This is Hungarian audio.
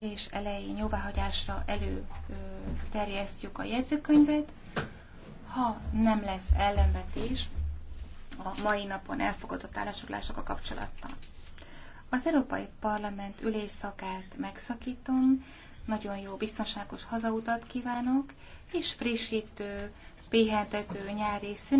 és elején jóváhagyásra előterjesztjük a jegyzőkönyvet. Ha nem lesz ellenvetés a mai napon elfogadott a kapcsolattal. Az Európai Parlament ülésszakát megszakítom, nagyon jó biztonságos hazautat kívánok, és frissítő, pihentető nyári szünet.